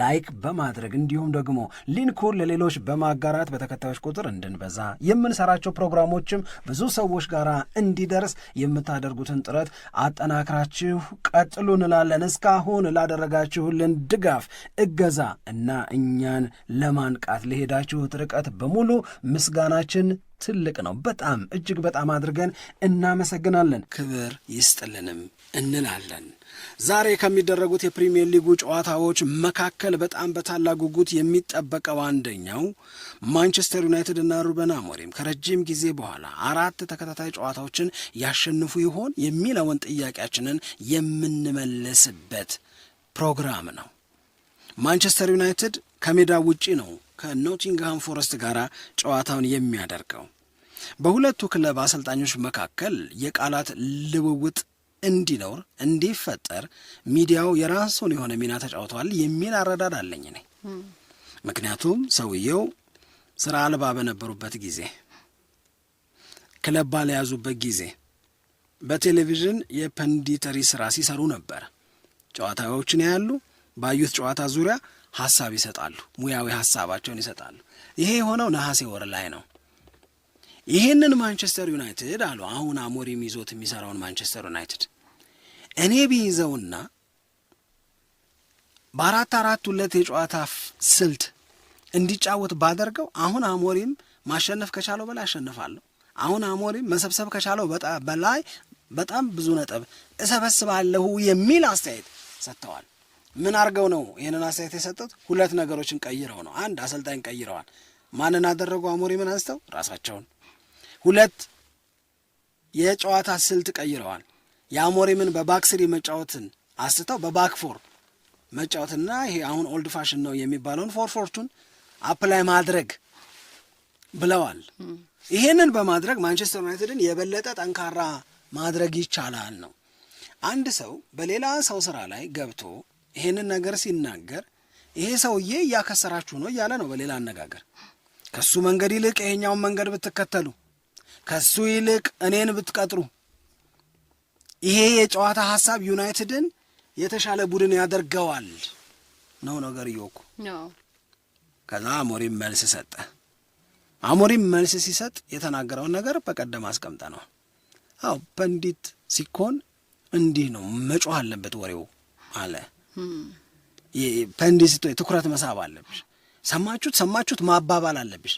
ላይክ በማድረግ እንዲሁም ደግሞ ሊንኩን ለሌሎች በማጋራት በተከታዮች ቁጥር እንድንበዛ የምንሰራቸው ፕሮግራሞችም ብዙ ሰዎች ጋር እንዲደርስ የምታደርጉትን ጥረት አጠናክራችሁ ቀጥሉ እንላለን። እስካሁን ላደረጋችሁልን ድጋፍ፣ እገዛ እና እኛን ለማንቃት ለሄዳችሁት ርቀት በሙሉ ምስጋናችን ትልቅ ነው። በጣም እጅግ በጣም አድርገን እናመሰግናለን። ክብር ይስጥልንም እንላለን። ዛሬ ከሚደረጉት የፕሪምየር ሊጉ ጨዋታዎች መካከል በጣም በታላቅ ጉጉት የሚጠበቀው አንደኛው ማንቸስተር ዩናይትድ እና ሩበን አሞሪም ከረጅም ጊዜ በኋላ አራት ተከታታይ ጨዋታዎችን ያሸንፉ ይሆን የሚለውን ጥያቄያችንን የምንመልስበት ፕሮግራም ነው። ማንቸስተር ዩናይትድ ከሜዳ ውጪ ነው ከኖቲንግሃም ፎረስት ጋር ጨዋታውን የሚያደርገው። በሁለቱ ክለብ አሰልጣኞች መካከል የቃላት ልውውጥ እንዲኖር እንዲፈጠር ሚዲያው የራሱን የሆነ ሚና ተጫውተዋል የሚል አረዳድ አለኝ እኔ። ምክንያቱም ሰውየው ስራ አልባ በነበሩበት ጊዜ፣ ክለብ ባለያዙበት ጊዜ በቴሌቪዥን የፐንዲተሪ ስራ ሲሰሩ ነበር። ጨዋታዎችን ያሉ ባዩት ጨዋታ ዙሪያ ሀሳብ ይሰጣሉ፣ ሙያዊ ሀሳባቸውን ይሰጣሉ። ይሄ የሆነው ነሐሴ ወር ላይ ነው። ይህንን ማንቸስተር ዩናይትድ አሉ አሁን አሞሪም ይዞት የሚሰራውን ማንቸስተር ዩናይትድ እኔ ብይዘውና በአራት አራት ሁለት የጨዋታ ስልት እንዲጫወት ባደርገው አሁን አሞሪም ማሸነፍ ከቻለው በላይ አሸንፋለሁ። አሁን አሞሪም መሰብሰብ ከቻለው በላይ በጣም ብዙ ነጥብ እሰበስባለሁ የሚል አስተያየት ሰጥተዋል። ምን አድርገው ነው ይህንን አስተያየት የሰጡት? ሁለት ነገሮችን ቀይረው ነው። አንድ አሰልጣኝ ቀይረዋል። ማንን አደረጉ? አሞሪምን አንስተው ራሳቸውን። ሁለት የጨዋታ ስልት ቀይረዋል። የአሞሪምን በባክስሪ መጫወትን አስተው በባክፎር መጫወትና ይሄ አሁን ኦልድ ፋሽን ነው የሚባለውን ፎር አፕላይ ማድረግ ብለዋል። ይሄንን በማድረግ ማንቸስተር ዩናይትድን የበለጠ ጠንካራ ማድረግ ይቻላል ነው። አንድ ሰው በሌላ ሰው ስራ ላይ ገብቶ ይሄንን ነገር ሲናገር ይሄ ሰውዬ እያከሰራችሁ ነው እያለ ነው። በሌላ አነጋገር ከሱ መንገድ ይልቅ ይሄኛውን መንገድ ብትከተሉ፣ ከሱ ይልቅ እኔን ብትቀጥሩ ይሄ የጨዋታ ሀሳብ ዩናይትድን የተሻለ ቡድን ያደርገዋል ነው ነገር እየወኩ ከዛ አሞሪም መልስ ሰጠ። አሞሪም መልስ ሲሰጥ የተናገረውን ነገር በቀደም አስቀምጠ ነው። አዎ በንዲት ሲኮን እንዲህ ነው መጮህ አለበት ወሬው አለ። ፐንዲት ስትሆኝ ትኩረት መሳብ አለብሽ። ሰማችሁት ሰማችሁት ማባባል አለብሽ።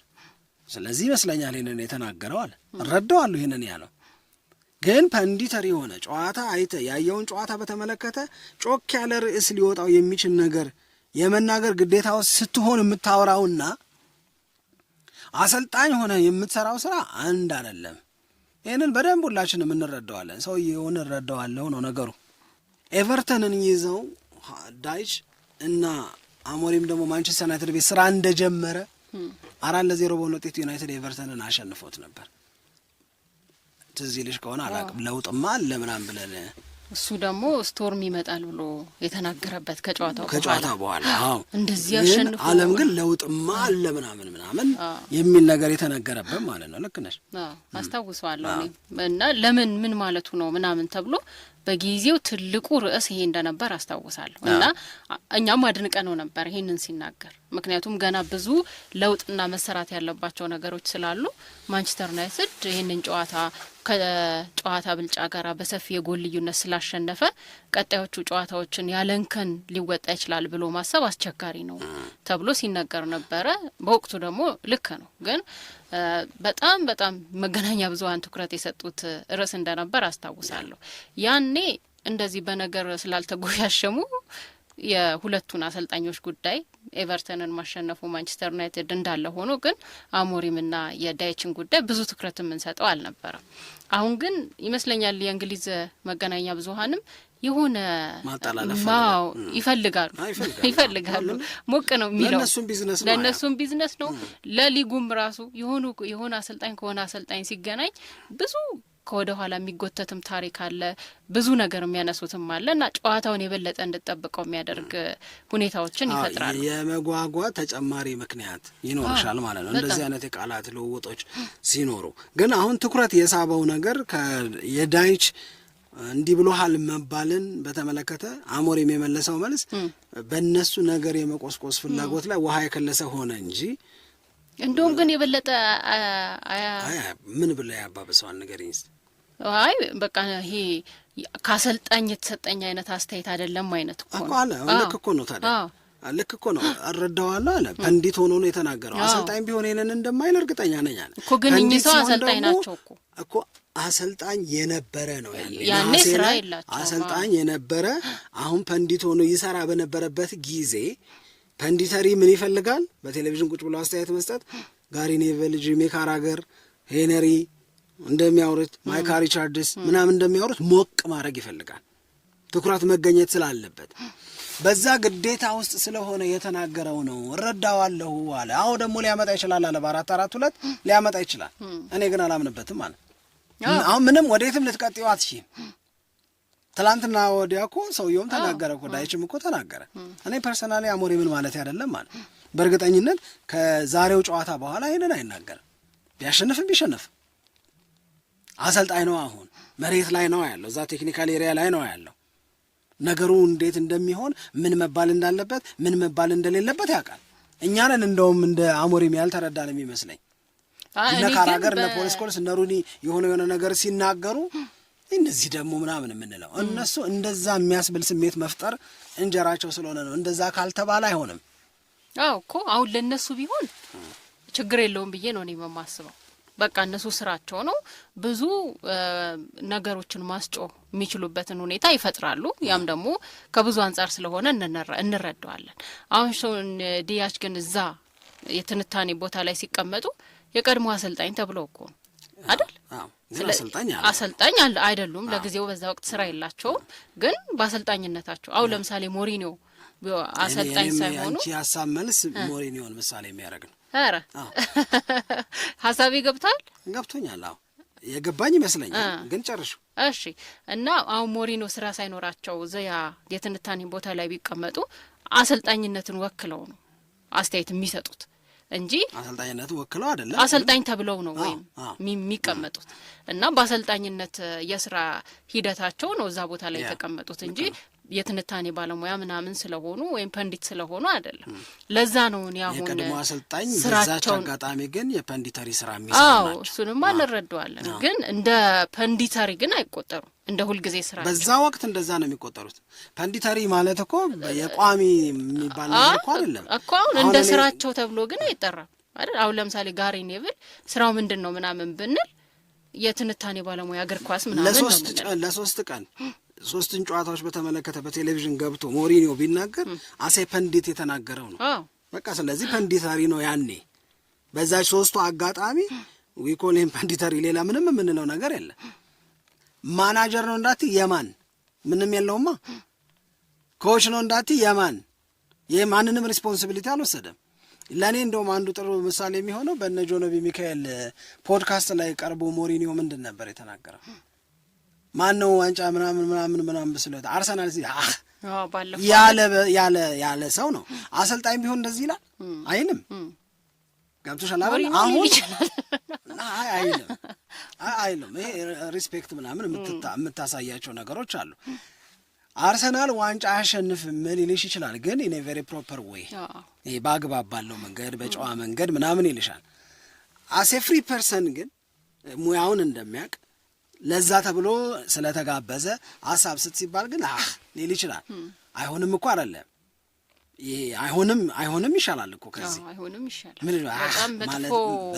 ስለዚህ ይመስለኛል ይህንን የተናገረው አለ። እረዳዋለሁ ይህንን ያለው ግን ፐንዲተር የሆነ ጨዋታ አይተ ያየውን ጨዋታ በተመለከተ ጮክ ያለ ርዕስ ሊወጣው የሚችል ነገር የመናገር ግዴታ ውስጥ ስትሆን የምታወራውና አሰልጣኝ ሆነ የምትሰራው ስራ አንድ አይደለም። ይህንን በደንብ ሁላችንም እንረዳዋለን። ሰውየውን እረዳዋለሁ ነው ነገሩ። ኤቨርተንን ይዘው ዳይች እና አሞሪም ደግሞ ማንቸስተር ዩናይትድ ቤት ስራ እንደጀመረ አራት ለዜሮ በሆነ ውጤት ዩናይትድ ኤቨርተንን አሸንፎት ነበር። ትዝ ይልሽ ከሆነ አላቅም ለውጥማ አለ ምናምን ብለን እሱ ደግሞ ስቶርም ይመጣል ብሎ የተናገረበት ከጨዋታው ከጨዋታ በኋላ አዎ፣ እንደዚህ ያሸንፉ አለም ግን ለውጥማ አለ ምናምን ምናምን የሚል ነገር የተነገረበት ማለት ነው። ልክ ነሽ፣ አስታውሰዋለሁ። እና ለምን ምን ማለቱ ነው ምናምን ተብሎ በጊዜው ትልቁ ርዕስ ይሄ እንደነበር አስታውሳለሁ እና እኛም አድንቀ ነው ነበር ይህንን ሲናገር። ምክንያቱም ገና ብዙ ለውጥና መሰራት ያለባቸው ነገሮች ስላሉ ማንቸስተር ዩናይትድ ይህንን ጨዋታ ከጨዋታ ብልጫ ጋር በሰፊ የጎል ልዩነት ስላሸነፈ ቀጣዮቹ ጨዋታዎችን ያለንከን ሊወጣ ይችላል ብሎ ማሰብ አስቸጋሪ ነው ተብሎ ሲነገር ነበረ። በወቅቱ ደግሞ ልክ ነው ግን በጣም በጣም መገናኛ ብዙሀን ትኩረት የሰጡት ርዕስ እንደነበር አስታውሳለሁ። ያኔ እንደዚህ በነገር ስላልተጎሻሸሙ የሁለቱን አሰልጣኞች ጉዳይ ኤቨርተንን ማሸነፉ ማንቸስተር ዩናይትድ እንዳለ ሆኖ ግን አሞሪምና የዳይችን ጉዳይ ብዙ ትኩረት የምንሰጠው አልነበረም። አሁን ግን ይመስለኛል የእንግሊዝ መገናኛ ብዙኃንም የሆነ ማው ይፈልጋሉ ይፈልጋሉ ሞቅ ነው የሚለው ለእነሱም ቢዝነስ ነው ለሊጉም ራሱ የሆኑ የሆነ አሰልጣኝ ከሆነ አሰልጣኝ ሲገናኝ ብዙ ከወደ ኋላ የሚጎተትም ታሪክ አለ። ብዙ ነገር የሚያነሱትም አለ እና ጨዋታውን የበለጠ እንድጠብቀው የሚያደርግ ሁኔታዎችን ይፈጥራል። የመጓጓ ተጨማሪ ምክንያት ይኖርሻል ማለት ነው እንደዚህ አይነት የቃላት ልውውጦች ሲኖሩ። ግን አሁን ትኩረት የሳበው ነገር የዳይች እንዲህ ብሎሃል መባልን በተመለከተ አሞሪም የመለሰው መልስ በእነሱ ነገር የመቆስቆስ ፍላጎት ላይ ውሃ የከለሰ ሆነ እንጂ እንደውም ግን የበለጠ ምን ብለ ያባብሰዋል ነገር እስኪ አይ በቃ ይሄ ከአሰልጣኝ የተሰጠኝ አይነት አስተያየት አይደለም አይነት እኮ ነው። ልክ እኮ ነው ታዲያ ልክ እኮ ነው። አረዳዋለሁ አለ እንዴት ሆኖ ነው የተናገረው። አሰልጣኝ ቢሆን ይሄንን እንደማይል እርግጠኛ ነኝ አለ እኮ። ግን እኚህ ሰው አሰልጣኝ ናቸው እኮ እኮ አሰልጣኝ የነበረ ነው ያኔ ስራ የላቸው አሰልጣኝ የነበረ አሁን ፐንዲት ሆኖ ይሰራ በነበረበት ጊዜ ፐንዲተሪ ምን ይፈልጋል? በቴሌቪዥን ቁጭ ብሎ አስተያየት መስጠት። ጋሪ ኔቨል፣ ጂሚ ካራገር፣ ሄነሪ እንደሚያወሩት ማይካ ሪቻርድስ ምናምን እንደሚያወሩት ሞቅ ማድረግ ይፈልጋል። ትኩረት መገኘት ስላለበት በዛ ግዴታ ውስጥ ስለሆነ የተናገረው ነው። እረዳዋለሁ አለ። አዎ ደግሞ ሊያመጣ ይችላል አለ። በአራት አራት ሁለት ሊያመጣ ይችላል። እኔ ግን አላምንበትም አለ። አሁን ምንም ወዴትም ልትቀጥዩ አትሽም። ትላንትና ወዲያ እኮ ሰውየውም ተናገረ እኮ ዳይችም እኮ ተናገረ። እኔ ፐርሰናሊ ምን ማለት አይደለም ማለት በእርግጠኝነት ከዛሬው ጨዋታ በኋላ ይህንን አይናገርም። ቢያሸንፍም ቢሸንፍም አሰልጣኝ ነው። አሁን መሬት ላይ ነው ያለው፣ እዛ ቴክኒካል ኤሪያ ላይ ነው ያለው። ነገሩ እንዴት እንደሚሆን ምን መባል እንዳለበት ምን መባል እንደሌለበት ያውቃል። እኛንን እንደውም እንደ አሞሪም ያልተረዳን የሚመስለኝ እነ ካራገር እነ ፖለስኮልስ እነ ሩኒ የሆነ የሆነ ነገር ሲናገሩ እነዚህ ደግሞ ምናምን የምንለው እነሱ እንደዛ የሚያስብል ስሜት መፍጠር እንጀራቸው ስለሆነ ነው። እንደዛ ካልተባለ አይሆንም። አዎ እኮ አሁን ለእነሱ ቢሆን ችግር የለውም ብዬ ነው እኔ የማስበው። በቃ እነሱ ስራቸው ነው። ብዙ ነገሮችን ማስጮ የሚችሉበትን ሁኔታ ይፈጥራሉ። ያም ደግሞ ከብዙ አንጻር ስለሆነ እንረዳዋለን። አሁን ሾን ዲያች ግን እዛ የትንታኔ ቦታ ላይ ሲቀመጡ የቀድሞ አሰልጣኝ ተብሎ እኮ ነው አይደል? አሰልጣኝ አለ አይደሉም። ለጊዜው በዛ ወቅት ስራ የላቸውም፣ ግን በአሰልጣኝነታቸው አሁን ለምሳሌ ሞሪኒዮ አሰልጣኝ ሳይሆኑ ሀሳብ መልስ ሞሬን ምሳሌ የሚያደርግ ነው። ኧረ ሀሳቤ ገብቷል፣ ገብቶኛል። አዎ የገባኝ ይመስለኛል፣ ግን ጨርሹ። እሺ። እና አሁን ሞሪኖ ስራ ሳይኖራቸው ዘያ የትንታኔ ቦታ ላይ ቢቀመጡ አሰልጣኝነትን ወክለው ነው አስተያየት የሚሰጡት እንጂ አሰልጣኝነት ወክለው አይደለም። አሰልጣኝ ተብለው ነው ወይም የሚቀመጡት እና በአሰልጣኝነት የስራ ሂደታቸው ነው እዛ ቦታ ላይ የተቀመጡት እንጂ የትንታኔ ባለሙያ ምናምን ስለሆኑ ወይም ፐንዲት ስለሆኑ አይደለም። ለዛ ነው እኔ አሁን የቀድሞ አሰልጣኝ ስራቸውን አጋጣሚ ግን የፐንዲተሪ ስራ የሚሰሩ እሱንም እንረዳዋለን። ግን እንደ ፐንዲተሪ ግን አይቆጠሩም። እንደ ሁልጊዜ ስራ በዛ ወቅት እንደዛ ነው የሚቆጠሩት። ፐንዲተሪ ማለት እኮ የቋሚ የሚባል ነገር እኮ አይደለም እኮ አሁን እንደ ስራቸው ተብሎ ግን አይጠራም አይደል? አሁን ለምሳሌ ጋሪ ኔቭል ስራው ምንድን ነው ምናምን ብንል የትንታኔ ባለሙያ እግር ኳስ ምናምን ለሶስት ቀን ሶስትን ጨዋታዎች በተመለከተ በቴሌቪዥን ገብቶ ሞሪኒዮ ቢናገር አሴ ፐንዲት የተናገረው ነው። በቃ ስለዚህ ፐንዲተሪ ነው ያኔ በዛች ሶስቱ አጋጣሚ ይህም ፐንዲተሪ፣ ሌላ ምንም የምንለው ነገር የለ። ማናጀር ነው እንዳት የማን ምንም የለውማ። ኮች ነው እንዳት የማን የማንንም ሪስፖንሲቢሊቲ አልወሰደም። ለእኔ እንደውም አንዱ ጥሩ ምሳሌ የሚሆነው በነ ጆኖቢ ሚካኤል ፖድካስት ላይ ቀርቦ ሞሪኒዮ ምንድን ነበር የተናገረው? ማን ነው ዋንጫ ምናምን ምናምን ምናምን ስለት አርሰናል ያለ ያለ ሰው ነው። አሰልጣኝ ቢሆን እንደዚህ ይላል አይንም ገብቶሻል አይደል? አሁን አይልም አይልም። ይሄ ሪስፔክት ምናምን የምታሳያቸው ነገሮች አሉ። አርሰናል ዋንጫ ምን ይልሽ ይችላል፣ ግን ኢን ቬሪ ፕሮፐር ዌይ፣ ይሄ በአግባብ ባለው መንገድ በጨዋ መንገድ ምናምን ይልሻል። አሴ ፍሪ ፐርሰን ግን ሙያውን እንደሚያውቅ ለዛ ተብሎ ስለተጋበዘ ሀሳብ ስት ሲባል ግን አህ ሊል ይችላል። አይሆንም እኮ አይደለም ይሄ አይሆንም አይሆንም ይሻላል እኮ ከዚህ አይሆንም ይሻላል። ምን ማለት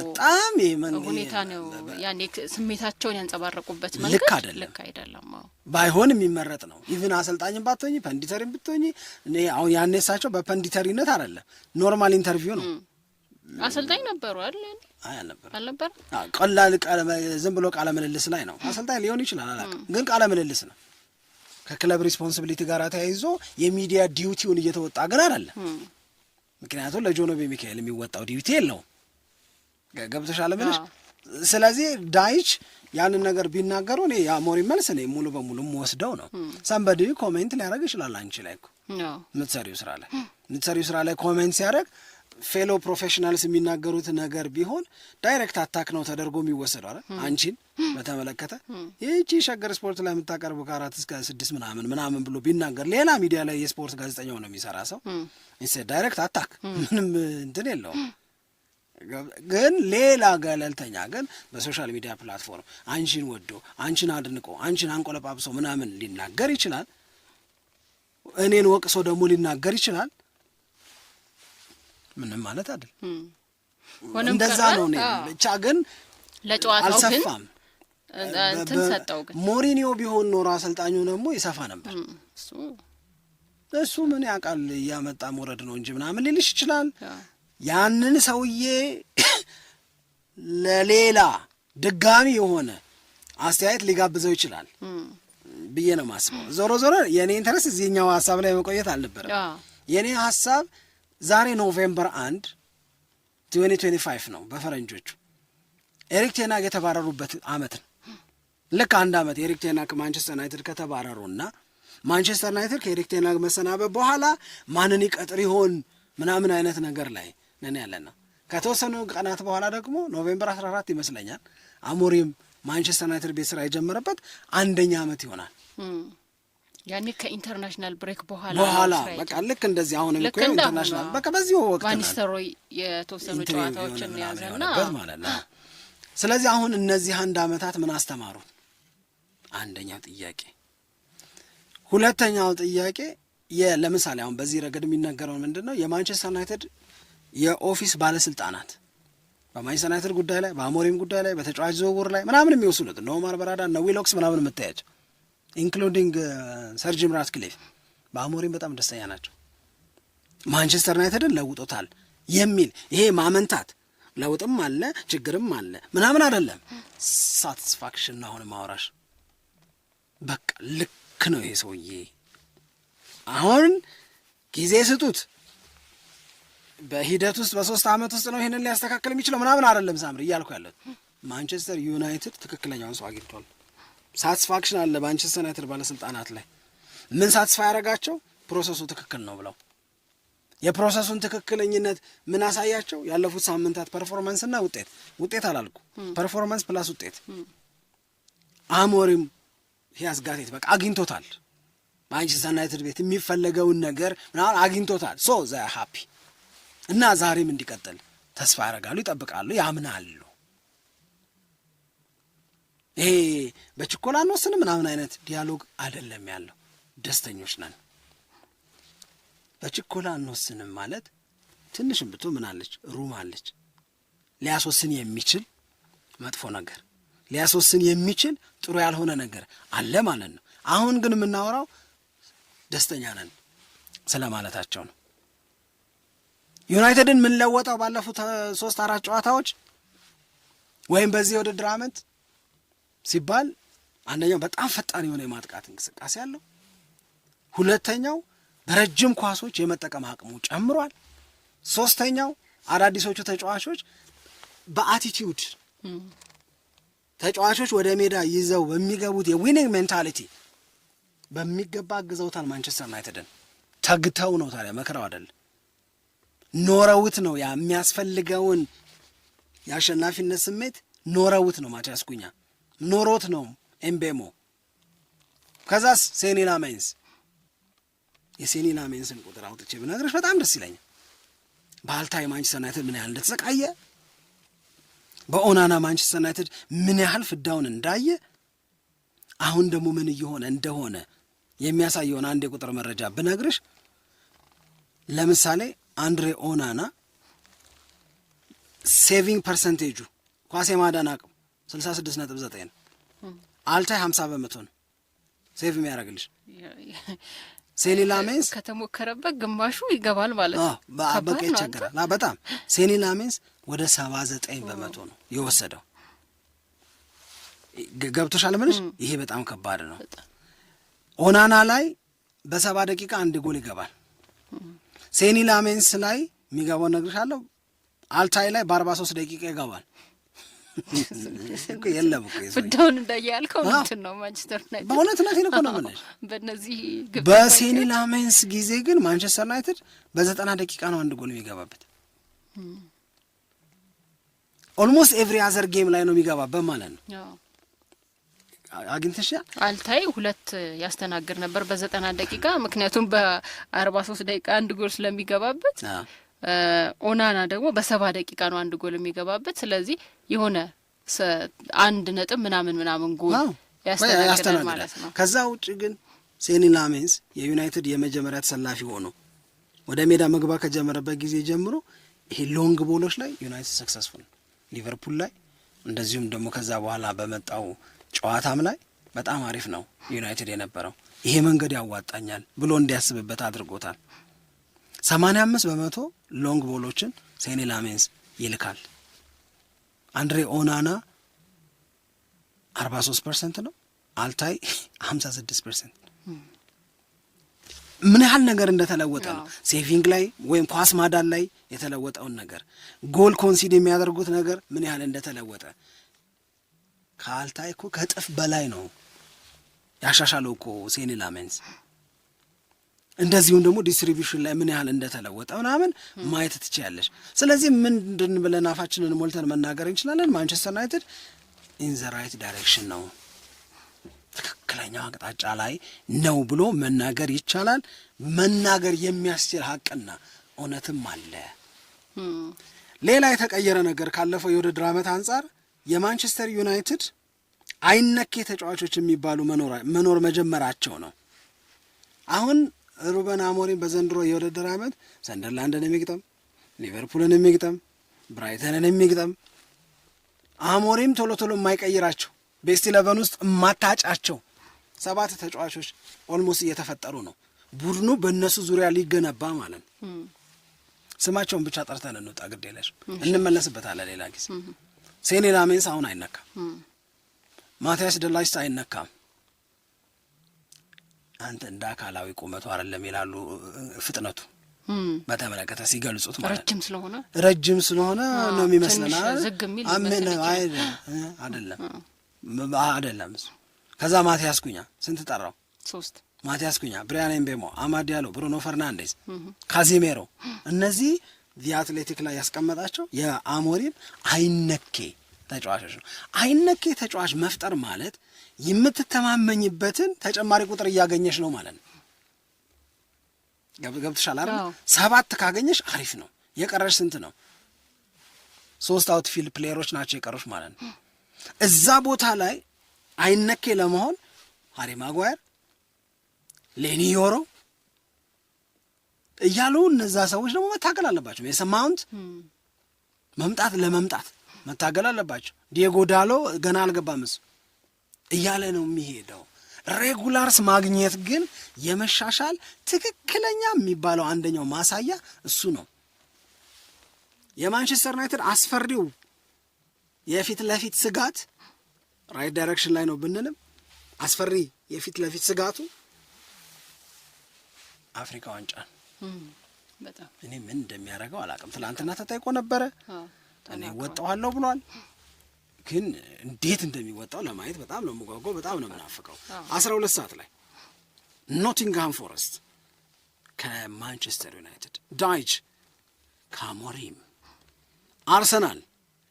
በጣም ይሄ ሁኔታ ነው። ያኔ ስሜታቸውን ያንጸባረቁበት መንገድ ልክ አይደለም፣ ልክ አይደለም። ባይሆን የሚመረጥ ነው። ኢቭን አሰልጣኝ ባትሆኝ ፐንዲተሪም ብትሆኝ አሁን ያኔ እሳቸው በፐንዲተሪነት አይደለም ኖርማል ኢንተርቪው ነው አሰልጣኝ ነበሩ አይደል? ቀላል ዝም ብሎ ቃለ ምልልስ ላይ ነው። አሰልጣኝ ሊሆን ይችላል አላውቅም፣ ግን ቃለ ምልልስ ነው። ከክለብ ሪስፖንሲቢሊቲ ጋር ተያይዞ የሚዲያ ዲዩቲውን እየተወጣ ግን አይደለም። ምክንያቱም ለጆኖቤ ሚካኤል የሚወጣው ዲዩቲ የለውም። ገብተሻል ብለሽ ስለዚህ ዳይች ያንን ነገር ቢናገሩ እኔ የአሞሪ መልስ እኔ ሙሉ በሙሉ ወስደው ነው። ሰንበዲ ኮሜንት ሊያደርግ ይችላል አንቺ ላይ እኮ የምትሰሪው ስራ ላይ የምትሰሪው ስራ ላይ ኮሜንት ሲያደርግ ፌሎ ፕሮፌሽናልስ የሚናገሩት ነገር ቢሆን ዳይሬክት አታክ ነው ተደርጎ የሚወሰዱ አለ አንቺን በተመለከተ ይህቺ ሸገር ስፖርት ላይ የምታቀርቡ ከአራት እስከ ስድስት ምናምን ምናምን ብሎ ቢናገር ሌላ ሚዲያ ላይ የስፖርት ጋዜጠኛው ነው የሚሰራ ሰው ዳይሬክት አታክ ምንም እንትን የለውም። ግን ሌላ ገለልተኛ ግን በሶሻል ሚዲያ ፕላትፎርም አንቺን ወዶ አንቺን አድንቆ አንቺን አንቆለጳብሶ ምናምን ሊናገር ይችላል። እኔን ወቅሶ ደግሞ ሊናገር ይችላል። ምንም ማለት አይደል። እንደዛ ነው። እኔ ብቻ ግን ለጨዋታው እንትን ሰጠው። ግን ሞሪኒዮ ቢሆን ኖሮ አሰልጣኙ ደግሞ ይሰፋ ነበር። እሱ ምን ያውቃል እያመጣ መውረድ ነው እንጂ ምናምን ሊልሽ ይችላል። ያንን ሰውዬ ለሌላ ድጋሚ የሆነ አስተያየት ሊጋብዘው ይችላል ብዬ ነው ማስበው። ዞሮ ዞሮ የእኔ ኢንተረስት እዚህኛው ሀሳብ ላይ መቆየት አልነበረም። የእኔ ሀሳብ ዛሬ ኖቬምበር አንድ 2025 ነው በፈረንጆቹ። ኤሪክ ቴናግ የተባረሩበት አመት ነው። ልክ አንድ አመት ኤሪክ ቴናግ ማንቸስተር ዩናይትድ ከተባረሩ እና ማንቸስተር ዩናይትድ ከኤሪክ ቴናግ መሰናበት በኋላ ማንን ይቀጥር ይሆን ምናምን አይነት ነገር ላይ ነን ያለ ነው። ከተወሰኑ ቀናት በኋላ ደግሞ ኖቬምበር 14 ይመስለኛል አሞሪም ማንቸስተር ዩናይትድ ቤት ስራ የጀመረበት አንደኛ አመት ይሆናል። ያኔ ከኢንተርናሽናል ብሬክ በኋላ በኋላ በቃ ልክ እንደዚህ አሁን ልክ ኢንተርናሽናል በቃ በዚህ ወቅት ቫኒስተሮይ የተወሰኑ ጨዋታዎችን የያዘና ማለት ነው። ስለዚህ አሁን እነዚህ አንድ አመታት ምን አስተማሩ? አንደኛው ጥያቄ። ሁለተኛው ጥያቄ ለምሳሌ አሁን በዚህ ረገድ የሚነገረው ምንድን ነው? የማንቸስተር ዩናይትድ የኦፊስ ባለስልጣናት በማንቸስተር ዩናይትድ ጉዳይ ላይ በአሞሪም ጉዳይ ላይ በተጫዋች ዝውውር ላይ ምናምን የሚወስኑት እነ ኦማር በራዳ እነ ዊሎክስ ምናምን የምታያቸው ኢንክሉዲንግ ሰር ጂም ራትክሊፍ በአሞሪም በጣም ደስተኛ ናቸው። ማንቸስተር ዩናይትድን ለውጦታል የሚል ይሄ ማመንታት ለውጥም አለ ችግርም አለ ምናምን አይደለም። ሳቲስፋክሽን አሁን ማውራሽ በቃ ልክ ነው ይሄ ሰውዬ። አሁን ጊዜ ስጡት። በሂደት ውስጥ በሶስት አመት ውስጥ ነው ይህንን ሊያስተካክል የሚችለው ምናምን አይደለም። ሳምር እያልኩ ያለት ማንቸስተር ዩናይትድ ትክክለኛውን ሰው አግኝቷል። ሳትስፋክሽን አለ ማንቸስተር ዩናይትድ ባለስልጣናት ላይ ምን ሳትስፋ ያደረጋቸው ፕሮሰሱ ትክክል ነው ብለው የፕሮሰሱን ትክክለኝነት ምን አሳያቸው? ያለፉት ሳምንታት ፐርፎርማንስ ውጤት ውጤት አላልኩ፣ ፐርፎርማንስ ፕላስ ውጤት አሞሪም ያስጋቴት በቃ አግኝቶታል። ማንቸስተር ዩናይትድ ቤት የሚፈለገውን ነገር ምናምን አግኝቶታል። ሶ ዘ ሀፒ እና ዛሬም እንዲቀጥል ተስፋ ያደርጋሉ፣ ይጠብቃሉ፣ ያምናሉ። ይሄ በችኮላ እንወስን ምናምን አይነት ዲያሎግ አይደለም ያለው። ደስተኞች ነን። በችኮላ እንወስንም ማለት ትንሽም ብቶ ምን አለች ሩም አለች ሊያስወስን የሚችል መጥፎ ነገር ሊያስወስን የሚችል ጥሩ ያልሆነ ነገር አለ ማለት ነው። አሁን ግን የምናወራው ደስተኛ ነን ስለማለታቸው ነው። ዩናይትድን የምንለወጠው ባለፉት ሶስት አራት ጨዋታዎች ወይም በዚህ የውድድር ዓመት ሲባል አንደኛው በጣም ፈጣን የሆነ የማጥቃት እንቅስቃሴ አለው። ሁለተኛው በረጅም ኳሶች የመጠቀም አቅሙ ጨምሯል። ሶስተኛው አዳዲሶቹ ተጫዋቾች በአቲቲዩድ ተጫዋቾች ወደ ሜዳ ይዘው በሚገቡት የዊኒንግ ሜንታሊቲ በሚገባ አግዘውታል። ማንቸስተር ዩናይትድን ተግተው ነው ታዲያ መከራው አይደል ኖረውት ነው ያ የሚያስፈልገውን የአሸናፊነት ስሜት ኖረውት ነው ማቲያስ ኩኛ ኖሮት ነው ኤምቤሞ። ከዛስ ሴኒ ላሜንስ። የሴኒ ላሜንስን ቁጥር አውጥቼ ብነግርሽ በጣም ደስ ይለኛል። በአልታይ ማንቸስተር ዩናይትድ ምን ያህል እንደተሰቃየ፣ በኦናና ማንቸስተር ዩናይትድ ምን ያህል ፍዳውን እንዳየ፣ አሁን ደግሞ ምን እየሆነ እንደሆነ የሚያሳየውን አንድ የቁጥር መረጃ ብነግርሽ ለምሳሌ አንድሬ ኦናና ሴቪንግ ፐርሰንቴጁ ኳስ የማዳን አቅም ስልሳ ስድስት ነጥብ ዘጠኝ ነው። አልታይ ሀምሳ በመቶ ነው ሴቭ የሚያደርግልሽ ሴኒላሜንስ ከተሞከረበት ግማሹ ይገባል ማለት ነው። በቃ ይቸገራል በጣም ሴኒላሜንስ ወደ ሰባ ዘጠኝ በመቶ ነው የወሰደው። ገብቶሻል ምልሽ ይሄ በጣም ከባድ ነው። ኦናና ላይ በሰባ ደቂቃ አንድ ጎል ይገባል። ሴኒ ላሜንስ ላይ የሚገባው ነግርሻለሁ። አልታይ ላይ በአርባ ሶስት ደቂቃ ይገባል። የለም ፍዳውን እንዳያልከው ምንድን ነው ማንቸስተር ዩናይትድ በእውነት ነት ነው የምልሽ። በእነዚህ በሴኒ ላሜንስ ጊዜ ግን ማንቸስተር ዩናይትድ በዘጠና ደቂቃ ነው አንድ ጎል የሚገባበት። ኦልሞስት ኤቭሪ አዘር ጌም ላይ ነው የሚገባበት ማለት ነው። አግኝተሻ አልታይ ሁለት ያስተናግድ ነበር በዘጠና ደቂቃ ምክንያቱም በአርባ ሶስት ደቂቃ አንድ ጎል ስለሚገባበት ኦናና ደግሞ በሰባ ደቂቃ ነው አንድ ጎል የሚገባበት። ስለዚህ የሆነ አንድ ነጥብ ምናምን ምናምን ጎል ያስተናግዳል ማለት ነው። ከዛ ውጭ ግን ሴኒ ላሜንስ የዩናይትድ የመጀመሪያ ተሰላፊ ሆኖ ወደ ሜዳ መግባ ከጀመረበት ጊዜ ጀምሮ ይሄ ሎንግ ቦሎች ላይ ዩናይትድ ሰክሰስፉል፣ ሊቨርፑል ላይ እንደዚሁም ደግሞ ከዛ በኋላ በመጣው ጨዋታም ላይ በጣም አሪፍ ነው ዩናይትድ የነበረው። ይሄ መንገድ ያዋጣኛል ብሎ እንዲያስብበት አድርጎታል። 85 በመቶ ሎንግ ቦሎችን ሴኔ ላሜንስ ይልካል። አንድሬ ኦናና 43 ፐርሰንት ነው። አልታይ 56 ፐርሰንት ምን ያህል ነገር እንደተለወጠ ነው። ሴቪንግ ላይ ወይም ኳስ ማዳን ላይ የተለወጠውን ነገር ጎል ኮንሲድ የሚያደርጉት ነገር ምን ያህል እንደተለወጠ ከአልታይ እኮ ከእጥፍ በላይ ነው ያሻሻለው እኮ ሴኔ ላሜንስ እንደዚሁም ደግሞ ዲስትሪቢሽን ላይ ምን ያህል እንደተለወጠ ምናምን ማየት ትችያለሽ። ስለዚህ ምንድን ብለን አፋችንን ሞልተን መናገር እንችላለን፣ ማንቸስተር ዩናይትድ ኢን ዘ ራይት ዳይሬክሽን ነው፣ ትክክለኛው አቅጣጫ ላይ ነው ብሎ መናገር ይቻላል። መናገር የሚያስችል ሀቅና እውነትም አለ። ሌላ የተቀየረ ነገር ካለፈው የውድድር ዓመት አንጻር የማንቸስተር ዩናይትድ አይነኬ ተጫዋቾች የሚባሉ መኖር መጀመራቸው ነው አሁን ሩበን አሞሪን በዘንድሮ የውድድር ዓመት ሰንደርላንድን የሚግጠም ሊቨርፑልን የሚግጠም ብራይተንን የሚግጠም አሞሪም ቶሎ ቶሎ የማይቀይራቸው ቤስት ኢለቨን ውስጥ የማታጫቸው ሰባት ተጫዋቾች ኦልሞስት እየተፈጠሩ ነው። ቡድኑ በእነሱ ዙሪያ ሊገነባ ማለት ነው። ስማቸውን ብቻ ጠርተን እንውጣ፣ ግድ የለሽም እንመለስበታለን ሌላ ጊዜ። ሴኔ ላሜንስ አሁን አይነካም። ማቲያስ ደላይስ አይነካም። አንተ እንደ አካላዊ ቁመቱ አይደለም ይላሉ። ፍጥነቱ በተመለከተ ሲገልጹት ማለት ረጅም ስለሆነ ረጅም ስለሆነ ነው የሚመስለን አይደለም አይደለም። ከዛ ማቲያስ ኩኛ ስንት ጠራው? ሶስት ማቲያስ ኩኛ፣ ብሪያን ኤምቤሞ፣ አማድ ዲያሎ፣ ብሩኖ ፈርናንዴዝ፣ ካዚሜሮ እነዚህ የአትሌቲክ ላይ ያስቀመጣቸው የአሞሪም አይነኬ ተጫዋቾች ነው። አይነኬ ተጫዋች መፍጠር ማለት የምትተማመኝበትን ተጨማሪ ቁጥር እያገኘሽ ነው ማለት ነው። ገብትሻል አይደል? ሰባት ካገኘሽ አሪፍ ነው። የቀረሽ ስንት ነው? ሶስት አውትፊልድ ፕሌየሮች ናቸው የቀሩሽ ማለት ነው። እዛ ቦታ ላይ አይነኬ ለመሆን ሃሪ ማጓየር፣ ሌኒ ዮሮ እያሉ እነዛ ሰዎች ደግሞ መታገል አለባቸው። የሰማውንት መምጣት ለመምጣት መታገል አለባቸው። ዲየጎ ዳሎ ገና አልገባም እያለ ነው የሚሄደው። ሬጉላርስ ማግኘት ግን የመሻሻል ትክክለኛ የሚባለው አንደኛው ማሳያ እሱ ነው። የማንቸስተር ዩናይትድ አስፈሪው የፊት ለፊት ስጋት ራይት ዳይሬክሽን ላይ ነው ብንልም አስፈሪ የፊት ለፊት ስጋቱ አፍሪካ ዋንጫ ነው። እኔ ምን እንደሚያደርገው አላውቅም። ትላንትና ተጠይቆ ነበረ። እኔ ወጣዋለሁ ብሏል። ግን እንዴት እንደሚወጣው ለማየት በጣም ነው የምጓጓው፣ በጣም ነው የምናፍቀው። አስራ ሁለት ሰዓት ላይ ኖቲንግሃም ፎረስት ከማንቸስተር ዩናይትድ፣ ዳይች ከአሞሪም፣ አርሰናል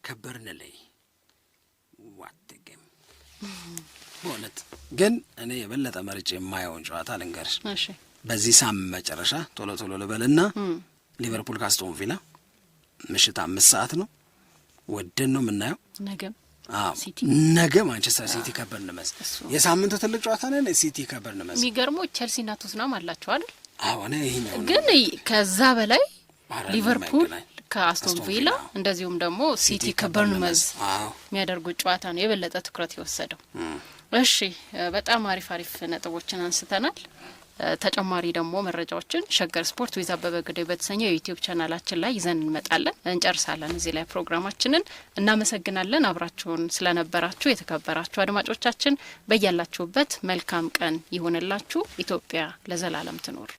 ከበርንሌይ ዋትግም በእውነት ግን እኔ የበለጠ መርጬ የማየውን ጨዋታ ልንገርሽ በዚህ ሳምንት መጨረሻ ቶሎ ቶሎ ልበልና ሊቨርፑል ካስቶን ቪላ ምሽት አምስት ሰዓት ነው። ወደን ነው የምናየው። ነገ ማንቸስተር ሲቲ ከበርንመዝ የሳምንቱ ትልቅ ጨዋታ ነን። ሲቲ ከበርንመዝ የሚገርመው ቸልሲና ቶትናም አላቸው አይደል? አሁን ይህ ግን ከዛ በላይ ሊቨርፑል ከአስቶን ቪላ እንደዚሁም ደግሞ ሲቲ ከበርንመዝ የሚያደርጉት ጨዋታ ነው የበለጠ ትኩረት የወሰደው። እሺ፣ በጣም አሪፍ አሪፍ ነጥቦችን አንስተናል። ተጨማሪ ደግሞ መረጃዎችን ሸገር ስፖርት ዊዛ አበበ ግደይ በተሰኘው የዩቲዩብ ቻናላችን ላይ ይዘን እንመጣለን። እንጨርሳለን እዚህ ላይ ፕሮግራማችንን። እናመሰግናለን አብራችሁን ስለነበራችሁ። የተከበራችሁ አድማጮቻችን በያላችሁበት መልካም ቀን ይሆንላችሁ። ኢትዮጵያ ለዘላለም ትኖር።